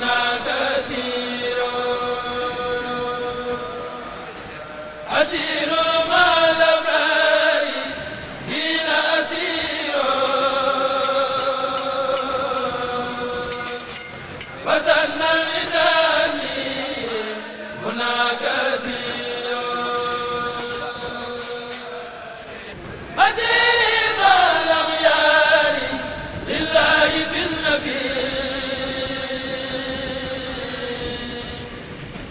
na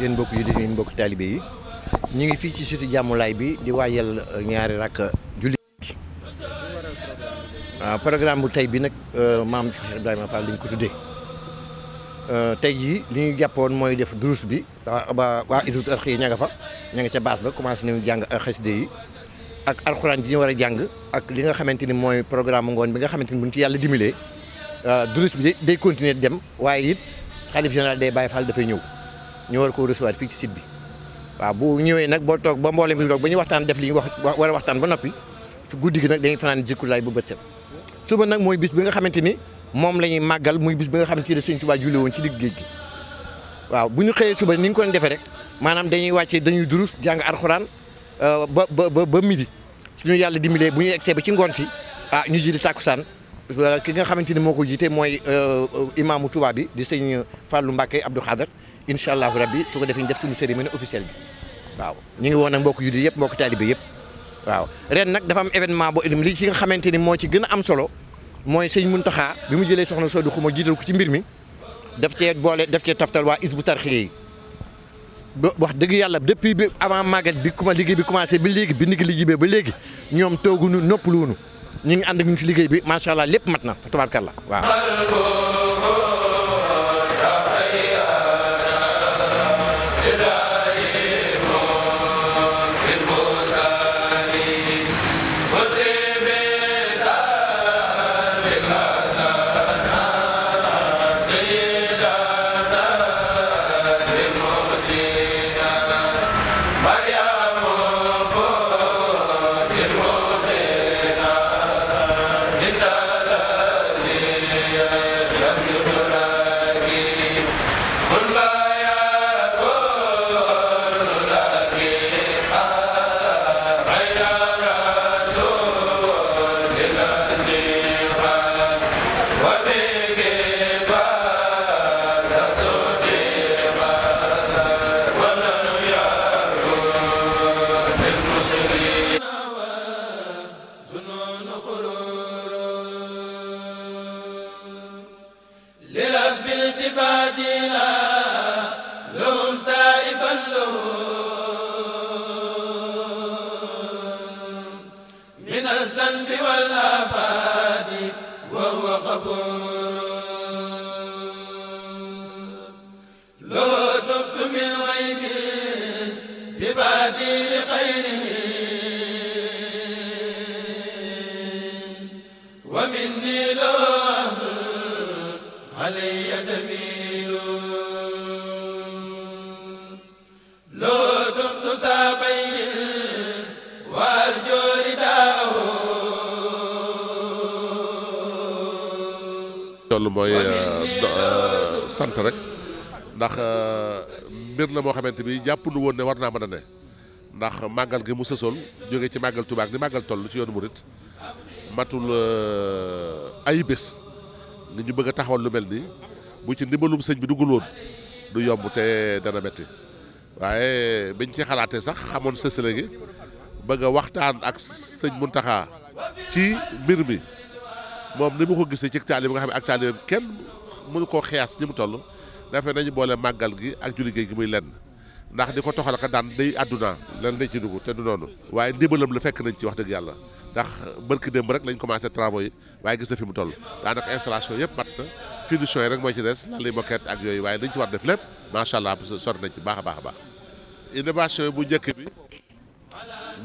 yéen mbokk yi di mbokk taalibe yi ñu ngi fii ci cité jàmmulaay bi di waajal ñaari rakk waaw ah, programme bu tey bi nag euh, maam Cheikh Ibrahima Fall lañ ko tuddee euh, tey jii li ñu jàppoon mooy def durus bi waa ba waa Hizbut Tarqiyyah ña nga fa ña nga ca base ba commencé nañu jàng xasida yi ak alxuraan ji ñu war a jàng ak li nga xamante ni mooy programme ngoon bi nga xamante ni buñ ci yàlla dimbalee euh, durus bi day continuer dem waaye it xalif général day Baye Fall dafay ñëw ñu war koo recevoir fii ci site bi waaw bu ñëwee nag boo toog ba mboolem bi toog waxtaan def li ñu wax war a waxtaan ba noppi guddi gi nag dañuy fanaan Zikroulaay bu bët set suba nag mooy bis bi nga xamante ni moom lañuy màggal mooy bis bi nga xamante ni Sëñ Tuubaa julli woon ci digg géej gi waaw bu ñu xëyee suba ni ñu ko doon defee rek maanaam dañuy wàccee dañuy durus jàng arxuraan euh, ba ba ba midi suñu yàlla dimbalee bu ñu egsee ba ci ngoon si ah ñu ji di tàkkusaan euh, ki nga xamante ni moo ko jiitee mooy euh, imaamu Touba bi di sëñ Fallou Mbacke Abdou Khadar incha allahu rabbi su ko defee ñu def suñu cérémonie bi waaw ñu ngi woon nag mbokk yu di yëpp mbokk taalibe yëpp waaw ren nag dafa am événement boo li ci nga xamante ni moo ci gën a am solo mooy sëñ Muntaxa bi mu jëlee soxna Soodu Xuma jiital ko ci mbir mi daf cee boole def cee taftal waa Hizbut Tarqiyyah yi wax dëgg yàlla depuis bi avant màggal bi kuma liggéey bi commencé ba léegi bi ndig li jibee ba léegi ñoom tooguñu noppaluwuñu ñu ngi ànd ak ñu fi liggéey bi macha allah lépp mat na fa la waaw صلاتي لخيره ومني له علي دمير لو دمت سابي وارجو رداءه loolu mooy sant rek ndax mbir la moo xamante bi jàpp lu woon ne war naa mën a ne ndax màggal gi mu sësoon jóge ci màggal Tuubaa ak ni màggal toll ci yoonu murit matul euh, ay bés ni ñu bëgg a taxawal lu mel nii bu ci ndimbalum sëñ bi duggul woon du yomb te dana metti waaye biñ ci xalaatee sax xamoon sësale gi bëgg a waxtaan ak sëñ Muntaxa ci mbir mi moom ni mu ko gisee ci taalibe nga xam ne ak taalibe kenn mënu koo xiyaas ñi mu toll dafay nañu boole màggal gi ak julli géej gi muy lenn ndax di ko toxal ka daan day àdduna lan lañ ci dugg te du noonu waaye ndimbalam la fekk nañ ci wax dëgg yàlla ndax barki démb rek lañ commencé travaux yi waaye gis na fi mu toll daanaka installation yëpp mat na finition yi rek mooy ci des lan lay moquette ak yooyu waaye dañ ci war def lépp macha allah parce que sori nañ ci baax a baax a baax innovation bu njëkk bi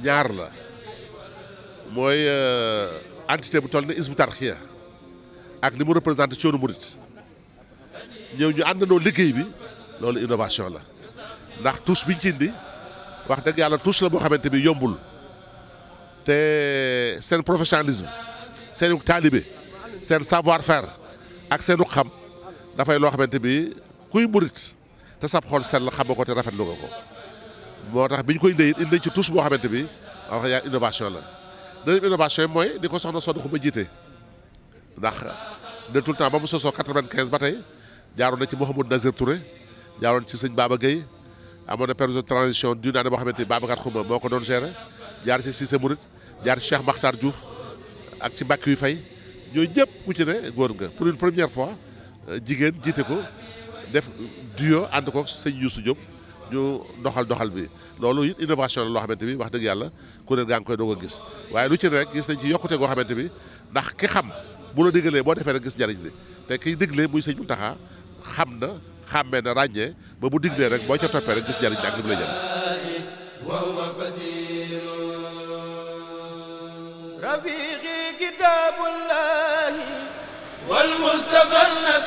ñaar la mooy euh, entité bu tol ni Hizbut Tarqiyyah ak li mu représenté ci yoonu murit ñëw ñu àndandoo liggéey bi loolu innovation la ndax tuus biñ ci indi wax dëgg yàlla tuus la boo xamante bi yombul te seen professionnalisme seenu taalibe seen savoir fair ak seenu xam dafay loo xamante bi kuy murit te sab xool sell xam nga ko te rafetlu nga ko moo tax bi ñu koy ndeyit indi ci tuus boo xamante bi wax yaa innovation la deuxième innovation yi mooy di ko soxna Soxna Xuma jiite ndax de tout le temps ba mu sosoo quatre vingt ba tey jaaroon na ci Mouhamadou Nazir Touré jaaroon ci sëñ Baba Gueye amoon na période de transition du naan boo xamante ni Babacar Xuma moo ko doon gérer jaar ci Cissé Mourid jaar ci Cheikh Makhtar Diouf ak ci mbàkk yu fay ñooñu ñëpp ku ci ne góor nga pour une première fois euh, jigéen jiite ko def duo ànd ko sëñ Youssou Diop ñu doxal doxal bi loolu it innovation la loo xamante bi wax dëgg yàlla kuréel gaa ngi koy doog a gis waaye lu ci ne rek gis nañ ci yokkute goo xamante bi ndax ki xam bu la diggalee boo defee rek gis njariñ li te kiy diglee muy sëñ Mountakha xam na xàmmee na ràññee ba bu diglee rek boo ca toppee rek gis njariñ ak li mu la jël rafiqi kitabullahi wal mustafa